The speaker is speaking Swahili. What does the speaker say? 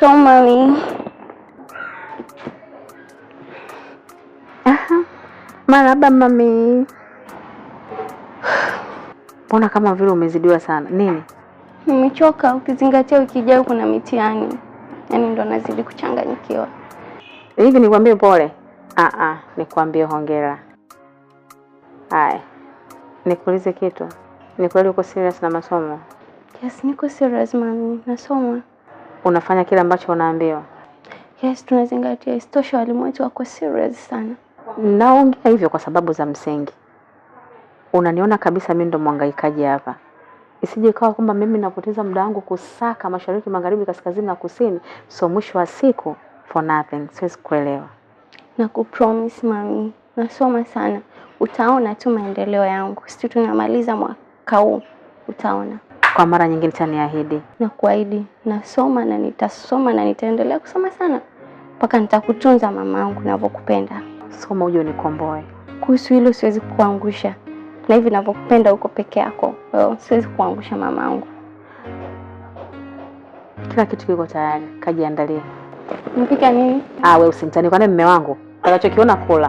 buscar o Maraba Mami. Mbona kama vile umezidiwa sana? Nini? Nimechoka ukizingatia wiki ijayo kuna mitihani. Yaani ndo nazidi kuchanganyikiwa. Hivi nikwambie pole? Ah ah, nikwambie hongera. Haya. Nikuulize kitu. Ni kweli uko serious na masomo? Yes, niko serious mami, nasoma unafanya kile ambacho unaambiwa. Yes, tunazingatia. Isitoshe, walimu wetu wako serious sana. Naongea hivyo kwa sababu za msingi. Unaniona kabisa mimi ndo mwangaikaji hapa, isije ikawa kwamba mimi napoteza muda wangu kusaka mashariki, magharibi, kaskazini na kusini, so mwisho wa siku for nothing. Siwezi kuelewa na mami, nasoma sana, utaona tu maendeleo yangu. Sisi tunamaliza mwaka huu, utaona kwa mara nyingine na kuahidi nasoma na nitasoma na nitaendelea kusoma sana mpaka nitakutunza mamangu navyokupenda. Soma uje nikomboe Kuhusu hilo siwezi kuangusha, na hivi navyokupenda huko peke yako, siwezi kuangusha mamangu. Kila kitu kiko tayari, kajiandalie. Mpika nini? Ah, wewe usimtani, kwani mme wangu utakachokiona kula.